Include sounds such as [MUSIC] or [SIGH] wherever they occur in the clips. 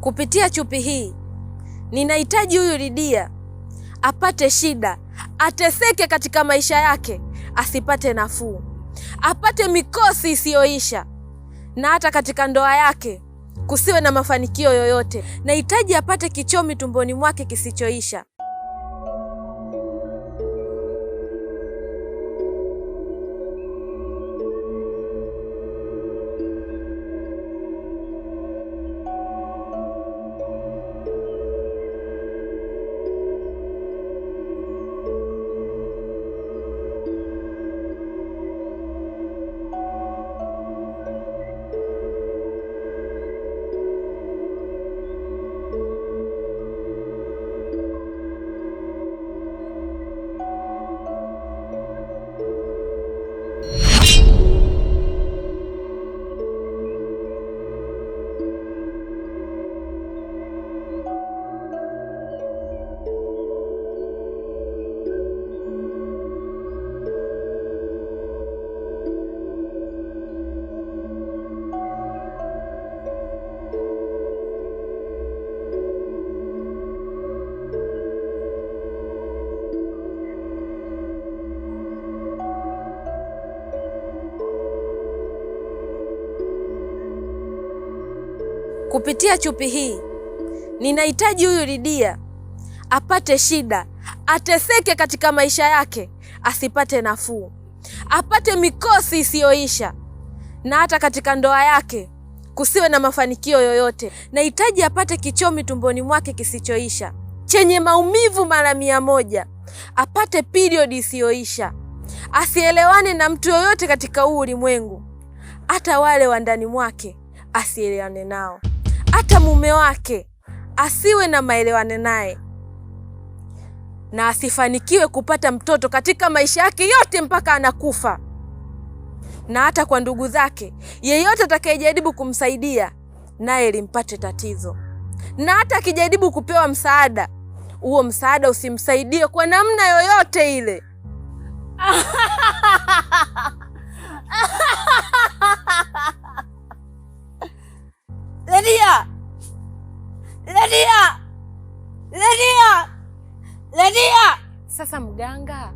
kupitia chupi hii ninahitaji huyu Lidia apate shida, ateseke katika maisha yake, asipate nafuu, apate mikosi isiyoisha, na hata katika ndoa yake kusiwe na mafanikio yoyote. Nahitaji apate kichomi tumboni mwake kisichoisha. kupitia chupi hii ninahitaji huyu Lidia apate shida, ateseke katika maisha yake, asipate nafuu, apate mikosi isiyoisha, na hata katika ndoa yake kusiwe na mafanikio yoyote. Nahitaji apate kichomi tumboni mwake kisichoisha chenye maumivu mara mia moja, apate period isiyoisha, asielewane na mtu yoyote katika huu ulimwengu, hata wale wa ndani mwake asielewane nao hata mume wake asiwe na maelewano naye na asifanikiwe kupata mtoto katika maisha yake yote mpaka anakufa. Na hata kwa ndugu zake, yeyote atakayejaribu kumsaidia naye limpate tatizo. Na hata akijaribu kupewa msaada, huo msaada usimsaidie kwa namna yoyote ile. [LAUGHS] Ladia, Ladia, Ladia, Ladia. Sasa mganga,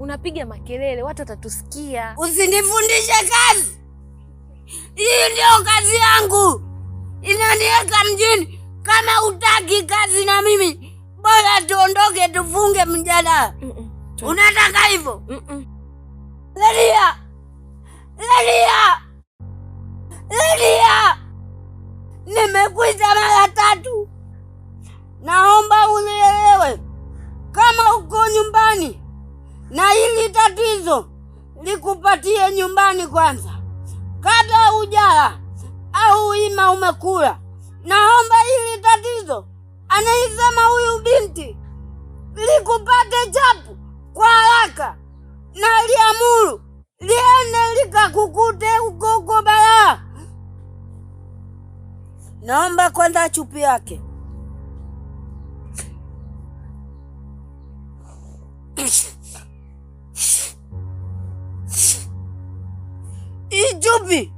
unapiga makelele, watu watatusikia. Usinifundishe kazi hii, ndio kazi yangu, inaniweka mjini. Kama utaki kazi na mimi, bora tuondoke, tufunge mjadala. mm -mm. Unataka hivyo? mm -mm. Ladia, nimekwita mara tatu. Naomba unielewe kama uko nyumbani na hili tatizo likupatie nyumbani kwanza, kabla ujala au ima umekula. Naomba hili tatizo anaisema huyu binti likupate chapu kwa haraka, na liamuru liende likakukute uko uko balaa. Naomba kwenda chupi yake. Ichupi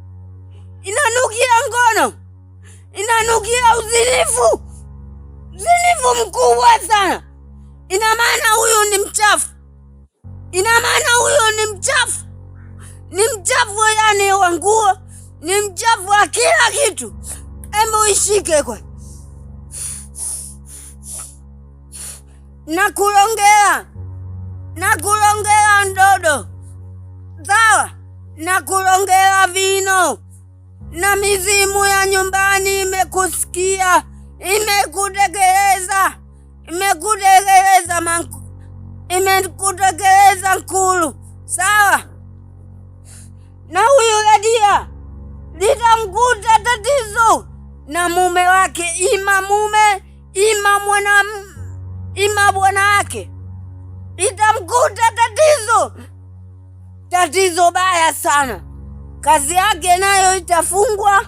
inanukia ngono, inanukia uzinifu, uzinifu mkubwa sana. Ina maana huyu ni mchafu, ina maana huyu ni mchafu, ni mchafu yani wa nguo, ni mchafu wa kila kitu. Embe uishike kwa nakulongea, nakulongela ndodo sawa, nakulongela vino na mizimu ya nyumbani imekusikia, imekutekeleza, imekutekeleza manku, imekutekeleza nkulu, sawa. Na huyu ladia litamkuta tatizo na mume wake, ima mume ima mwana ima bwana wake, itamkuta tatizo tatizo baya sana. Kazi yake nayo itafungwa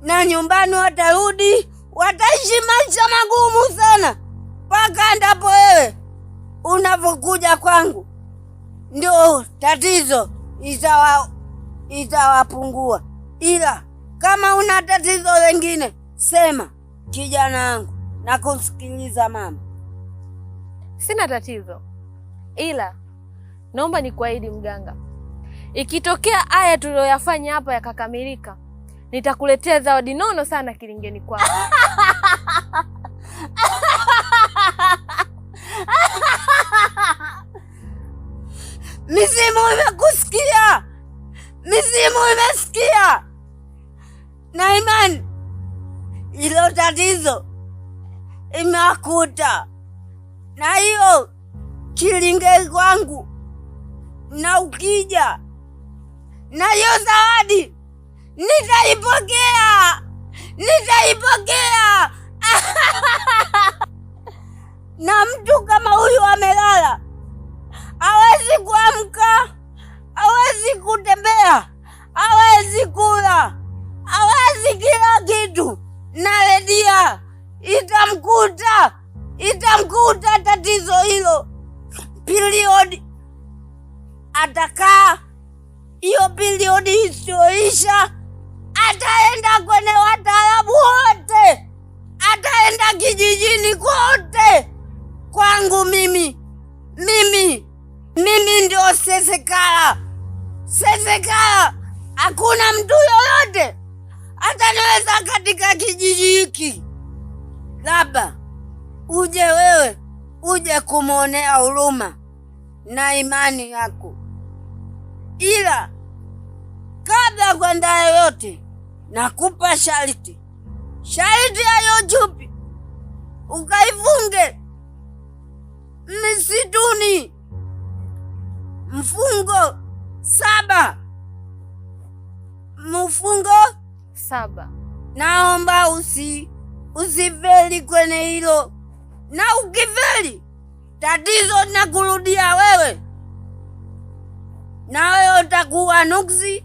na nyumbani watarudi, wataishi maisha magumu sana, mpaka ndapo wewe unapokuja kwangu ndio tatizo itawa itawapungua ila kama una tatizo lingine sema, kijana wangu, nakusikiliza mama. Sina tatizo, ila naomba nikuahidi mganga, ikitokea haya tuliyoyafanya hapa yakakamilika, nitakuletea zawadi nono sana kilingeni kwako. [LAUGHS] Mizimu imekusikia, mizimu imesikia na imani, tatizo imewakuta, na hiyo kilinge kwangu na ukija na hiyo zawadi nitaipokea, nitaipokea. [LAUGHS] na mtu kama huyu amelala, hawezi kuamka, hawezi kutembea, hawezi kula, hawezi kazi kila kitu na Ledia itamkuta, itamkuta tatizo hilo period. Atakaa hiyo period isioisha, ataenda kwenye wataalamu wote, ataenda kijijini kote. Kwangu mimi mimi mimi ndio Sesekala, Sesekala, hakuna mtu yoyote hata naweza katika kijiji hiki, labda uje wewe, uje kumwonea huruma na imani yako, ila kabla kwenda yoyote, nakupa sharti. Sharti hayo chupi ukaifunge misituni mfungo saba, mfungo Saba. Naomba usi usiveli kwenye hilo, na ukiveli tatizo nakurudia wewe, na wewe utakuwa nuksi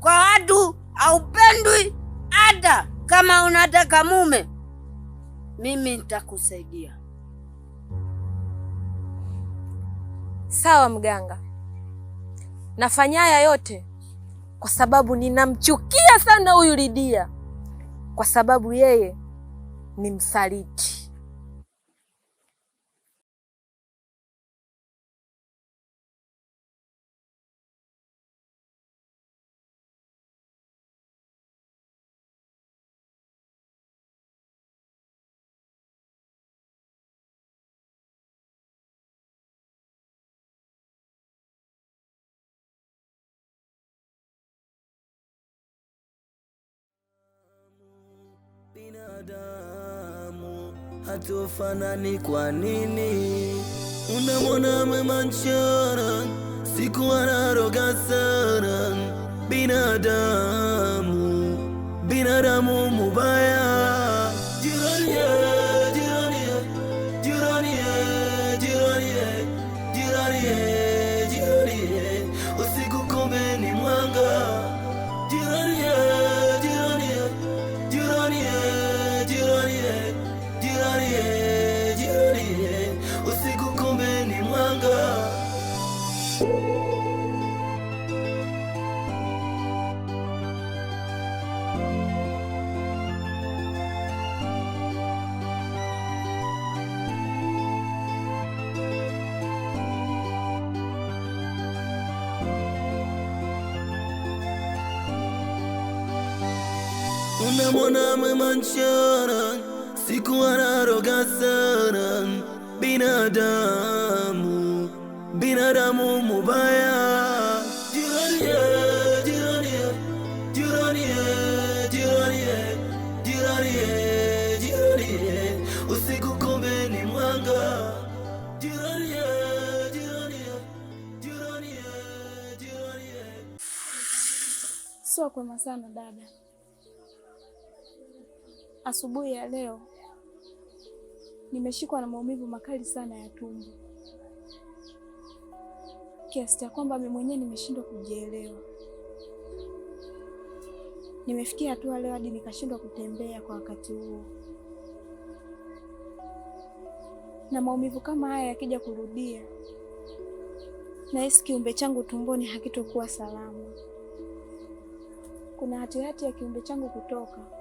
kwa watu, haupendwi. Hata kama unataka mume, mimi nitakusaidia. Sawa mganga, nafanyaya yote kwa sababu ninamchukia sana huyu Lidia, kwa sababu yeye ni msaliti. Wanadamu hatufanani kwa nini? Unamwona Mema Nchara siku anaroga sana, binadamu binadamu mubaya mwema siku sikuwa sana. Binadamu, binadamu mubaya. usiku kumbe ni Sio kwema sana dada. Asubuhi ya leo nimeshikwa na maumivu makali sana ya tumbo kiasi cha kwamba mimi mwenyewe nimeshindwa kujielewa. Nimefikia hatua leo hadi nikashindwa kutembea kwa wakati huo, na maumivu kama haya yakija kurudia, nahisi kiumbe changu tumboni hakitokuwa salama. Kuna hatihati ya kiumbe changu kutoka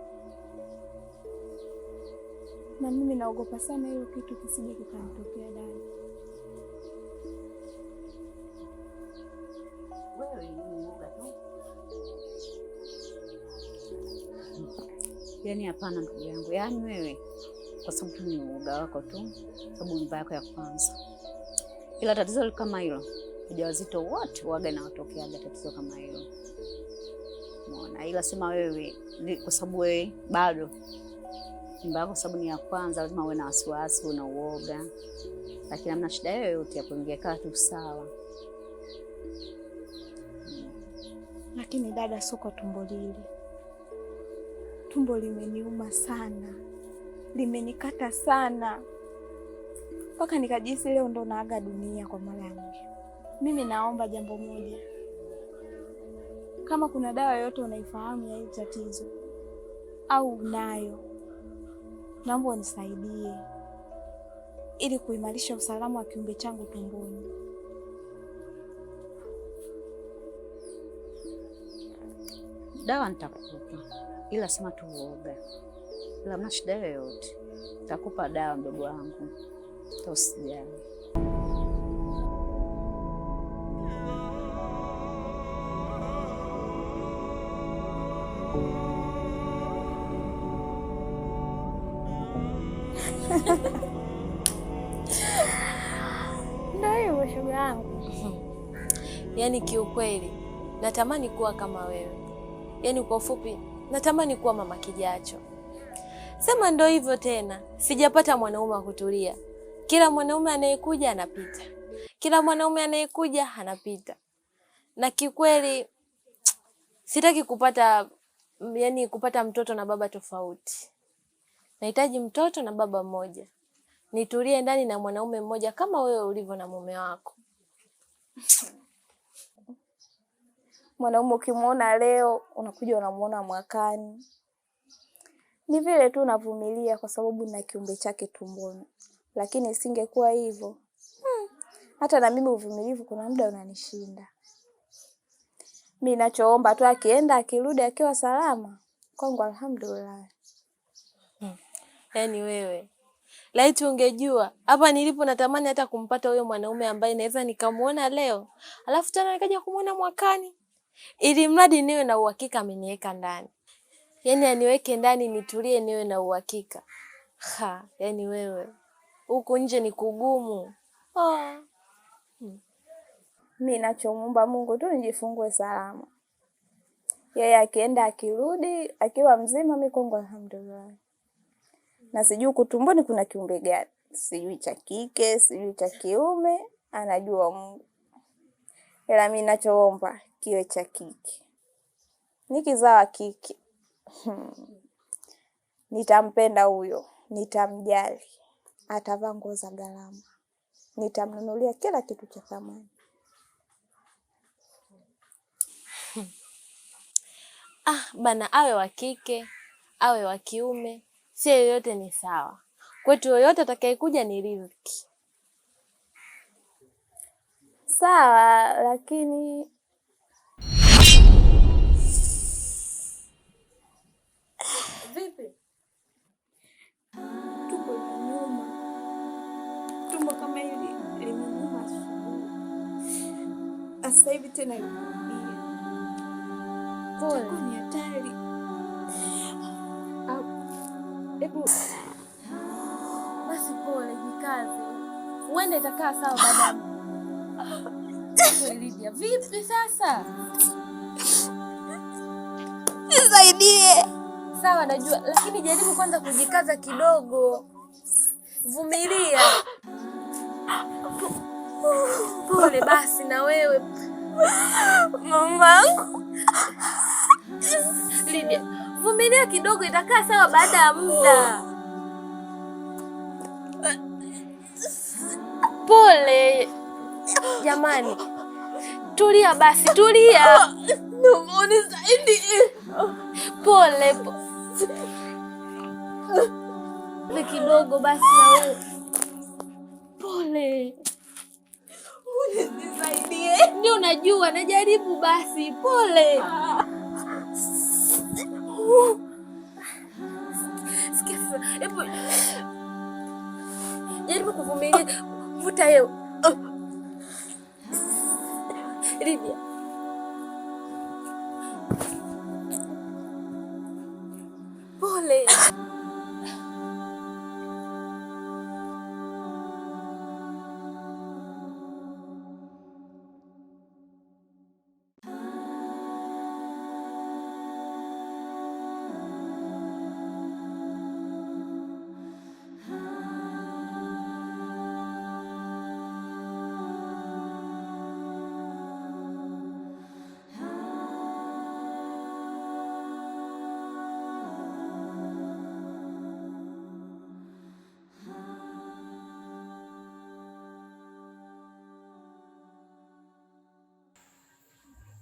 na mimi naogopa sana hiyo kitu kisije kikamtokea dada. yani hapana, ndugu yangu, yaani wewe kwa sababu ni uoga wako tu, sababu mimba yako ya kwanza. Ila tatizo kama hilo, ujawazito wote waga nawatokeaga tatizo kama hilo, mona Ila sema wewe, kwa sababu wewe bado nyumba yako, sababu ni ya kwanza, lazima uwe na wasiwasi, una uoga, lakini hamna shida yoyote, hapo ingekaa tu sawa. Lakini dada, soko tumbo lile, tumbo limeniuma sana, limenikata sana mpaka nikajisi leo ndo naaga dunia kwa mara ya mwisho. Mimi naomba jambo moja, kama kuna dawa yoyote unaifahamu ya hili tatizo au unayo naomba unisaidie ili kuimarisha usalama wa kiumbe changu tumboni. Dawa nitakupa, ila sema tu uoga, ila mna shida yoyote, nitakupa dawa, mdogo wangu, usijali. yani kiukweli natamani kuwa kama wewe, yani kwa ufupi natamani kuwa mama Kijacho. Sema ndo hivyo tena, sijapata mwanaume wa kutulia. Kila mwanaume anayekuja anapita, kila mwanaume anayekuja anapita, na kikweli sitaki kupata, yani kupata mtoto na baba tofauti. Nahitaji mtoto na baba mmoja, nitulie ndani na mwanaume mmoja kama wewe ulivyo na mume wako mwanaume ukimwona leo unakuja unamwona mwakani. Ni vile tu navumilia kwa sababu na kiumbe chake tumboni, lakini isingekuwa hivyo hmm, hata na mimi uvumilivu kuna muda unanishinda. Mi nachoomba tu akienda akirudi akiwa salama kwangu, alhamdulillah. Hmm. Yani wewe laiti ungejua hapa nilipo, natamani hata kumpata huyo mwanaume ambaye naweza nikamwona leo alafu tena nikaja kumwona mwakani ili mradi niwe na uhakika ameniweka ndani, yaani aniweke ndani nitulie, niwe na uhakika ha. Yani wewe huku nje ni kugumu oh. hmm. Mi nachomuomba Mungu tu nijifungue salama, yeye akienda akirudi akiwa mzima, mi kwangu alhamdulillah. Na sijui kutumboni kuna kiumbe gani, sijui cha kike, sijui cha kiume, anajua Mungu ila mi nachoomba kiwe cha kike. Nikizawa kike hmm, nitampenda huyo, nitamjali, atavaa nguo za gharama, nitamnunulia kila kitu cha thamani. Hmm. Ah, bana, awe wa kike awe wa kiume, sio yoyote ni sawa kwetu. Yoyote atakayekuja ni riziki sawa, lakini vipi, tuko nyuma, tumbo kama hili limeuma sasa hivi tena ni hatari. Hebu basi, pole, jikaze, uende itakaa sawa baadaye. Lidia, vipi sasa? Nisaidie. Sawa, najua lakini jaribu kwanza kujikaza kidogo, vumilia. Pole basi na wewe mamangu. Lidia, vumilia kidogo, itakaa sawa baada ya muda. Pole jamani. Tulia basi, tulia. Naumwa zaidi. Pole pole kidogo basi na wewe. Pole. Unisaidie. Ndio unajua najaribu basi. Pole. Sikia. Hebu. Jaribu kuvumilia. Vuta hewa.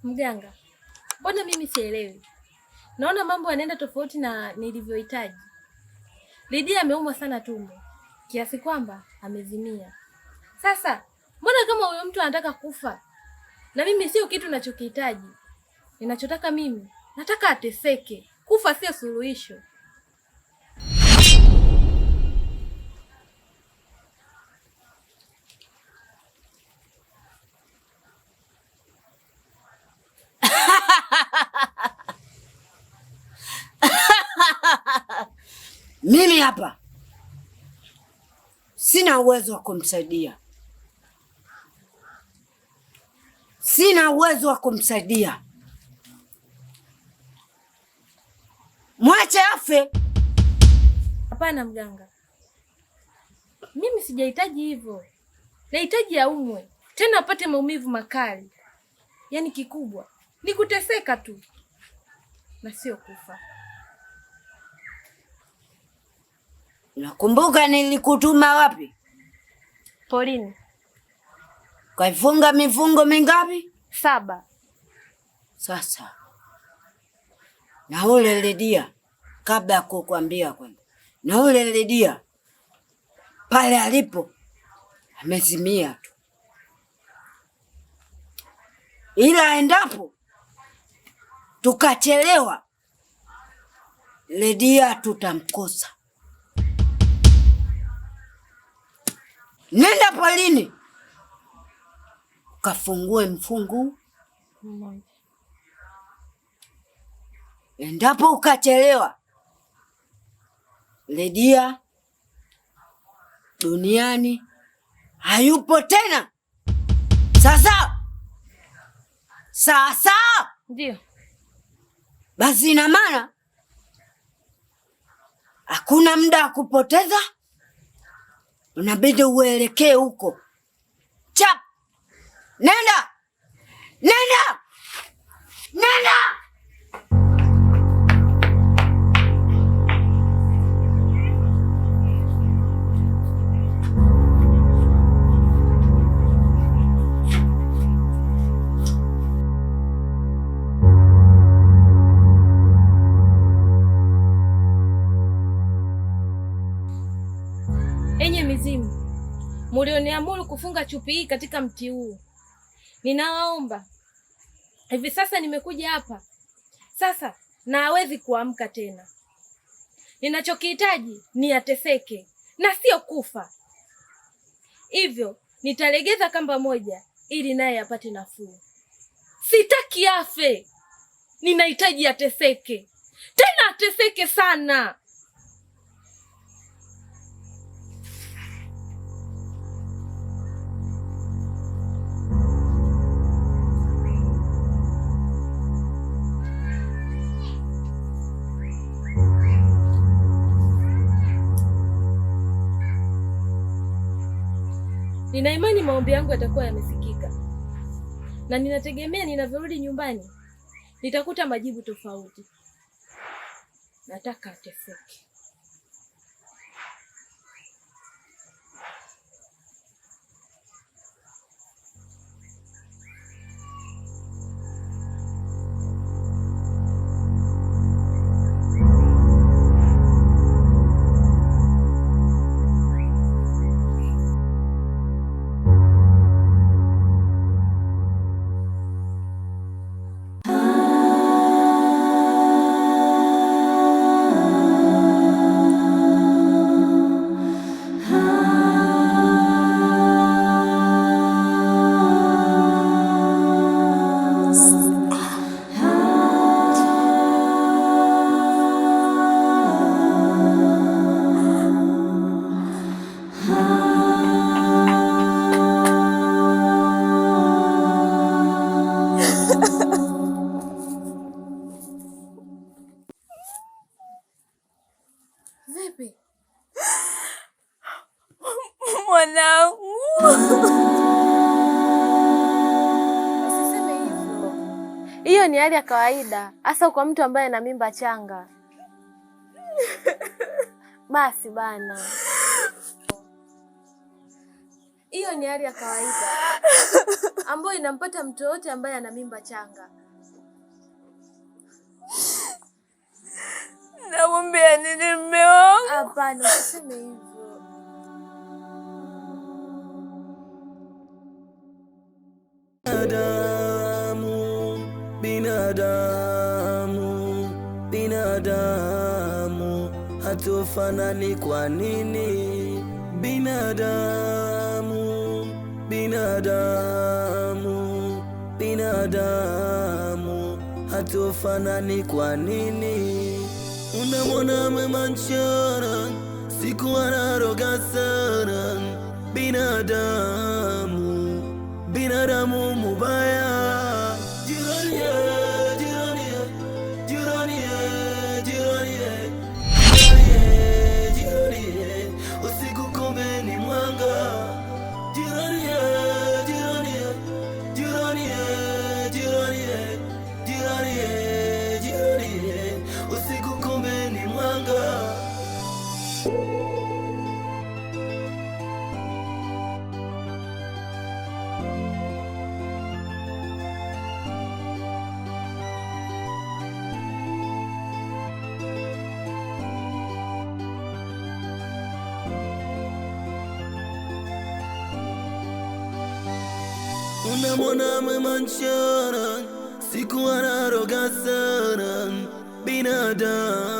Mganga, mbona mimi sielewi? Naona mambo yanaenda tofauti na nilivyohitaji. Lidia ameumwa sana tumbo kiasi kwamba amezimia. Sasa mbona kama huyo mtu anataka kufa? Na mimi sio kitu ninachokihitaji. Ninachotaka mimi, nataka ateseke. Kufa sio suluhisho. Mimi hapa sina uwezo wa kumsaidia, sina uwezo wa kumsaidia. Mwache afe. Hapana mganga, mimi sijahitaji hivyo, nahitaji aumwe tena apate maumivu makali. Yaani kikubwa ni kuteseka tu na sio kufa. Nakumbuka nilikutuma wapi? Polini. Kaifunga mifungo mingapi? Saba. Sasa na ule Lidia, kabla ya kukwambia kwamba na ule Lidia pale alipo amezimia tu, ila endapo tukachelewa Lidia tutamkosa. nenda polini kafungue mfungu mmoja. Endapo ukachelewa, ledia duniani hayupo tena. Sasa sasa, ndio basi, ina maana hakuna muda wa kupoteza. Unabidi uelekee huko. Chap! Nenda! Nenda! Nenda! nimeamuru kufunga chupi hii katika mti huu. Ninawaomba hivi sasa, nimekuja hapa sasa na hawezi kuamka tena. Ninachokihitaji ni ateseke na sio kufa, hivyo nitalegeza kamba moja ili naye apate nafuu. Sitaki afe, ninahitaji ateseke, tena ateseke sana. Nina imani maombi yangu yatakuwa yamesikika, na ninategemea ninavyorudi nyumbani nitakuta majibu tofauti. Nataka atefuke. wapi? [GASPS] mwanangu? [LAUGHS] hiyo ni hali ya kawaida, hasa kwa mtu ambaye ana mimba changa. [LAUGHS] Basi bana, hiyo ni hali ya kawaida [LAUGHS] ambayo inampata mtu yoyote ambaye ana mimba changa. Nakumbia nini mume wangu? Hapana, usiseme hivyo. Binadamu, binadamu, binadamu hatufanani. Kwa nini? Binadamu, binadamu, binadamu hatufanani. Kwa nini? Unamwona Mwema nchora, siku anaroga sana binadamu, binadamu mubaya mwanaume manchara, sikuwa naroga sana binadamu